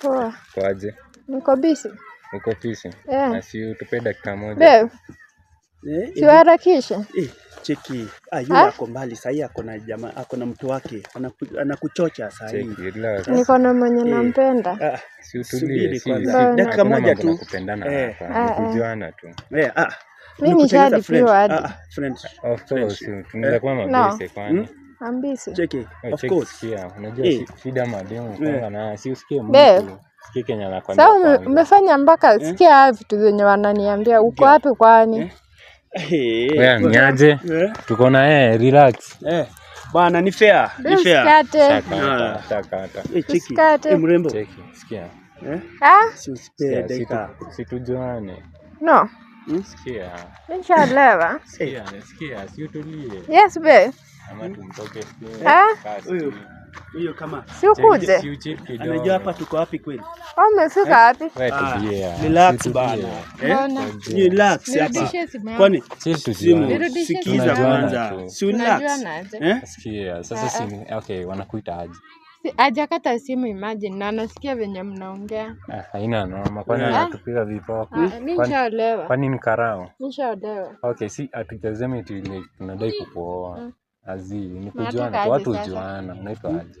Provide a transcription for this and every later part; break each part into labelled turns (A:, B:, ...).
A: Poa. Niko busy. Uko busy? Yeah.
B: Na si utupe dakika moja.
A: Babe. Eh, Eh,
C: cheki. Ah, yule ako mbali sahii, ako na jamaa, ako na mtu wake anakuchocha sahii.
A: Niko na mwenye nampenda.
C: Eh, ah,
B: si utulie, dakika moja tu. Kupendana eh, hapa, ah, ah. kujuana tu.
C: Eh, ah.
A: Mimi pia hadi. Ah,
C: friend.
B: Of course, tunaweza eh. kuwa kwani. Hmm?
A: ambisi umefanya mpaka sikia vitu zenye wananiambia uko wapi kwani
B: yeah. tuko na yeye relax ni fair, Situjuane. No. Hmm? Sikia. Sikia, sikia, si utulie.
A: Yes, babe.
B: Mm.
C: Eh?
A: Sikuje
C: anajua hapa tuko wapi kweli?
A: Eh? wapi?
B: Ah,
C: relax bana, eh? relax hapa. Kwani sikiza kwanza, si relax
B: sikia sasa. Simu okay, wanakuita
A: aje? simu, imagine na anasikia venye mnaongea.
B: Ah, haina noma, kwani anatupiga viboko?
A: Ah,
B: kwani ni karao?
A: Nishaolewa.
B: Okay, si tunadai kukuoa mm azii ni kujuana, watu ujuana unaitwa hmm? aje?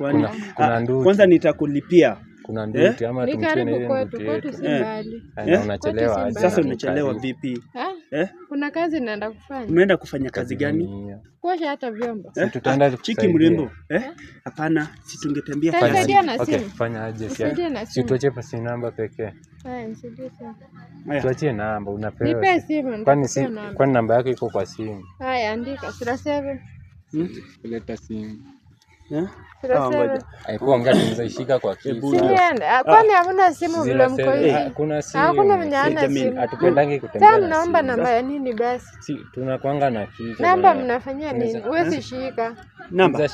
C: kwani ah, kwanza nitakulipia
B: kuna eh? nduti ama tumtie na ile
A: nduti yetu. Eh.
B: Eh, na unachelewa
C: sasa, unachelewa vipi?
A: kuna kazi naenda kufanya.
C: umeenda kufanya kazi gani?
A: Kuosha hata vyombo.
B: tutaenda ah,
C: chiki mrembo. hapana, si tungetembea
A: kwa simu. Fanya aje sasa? Si
B: tuache pasi namba pekee. Tuachie namba unapewa.
A: Nipe simu.
B: Kwani si kwani namba yako iko kwa simu?
A: Haya, andika 07.
C: Hmm?
B: Leta simu.
C: Eh?
A: Ah, eh, ah, kwani hamna simu vile mko hivi? Eh, hakuna mwenye ah, ana simu. Sasa mnaomba namba ya nini basi?
B: Tunakwanga na kitu.
A: Namba mnafanyia nini? Huwezi shika.
C: Namba.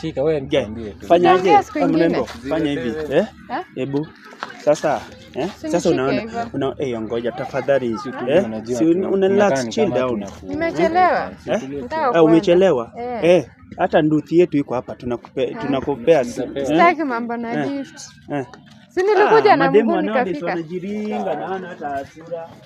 C: Fanya hivi. Fanya hivi. Eh? Hebu. Sasa Eh?
A: Sasa unaona
C: una eh, ngoja tafadhali Si ah. eh? una relax chill down.
A: Nimechelewa. Ah,
C: umechelewa. Eh. eh. Hata nduthi yetu iko hapa ah. tunakupea tunakupea.
A: Sitaki mambo na gift. Eh. na nikafika.
B: na hata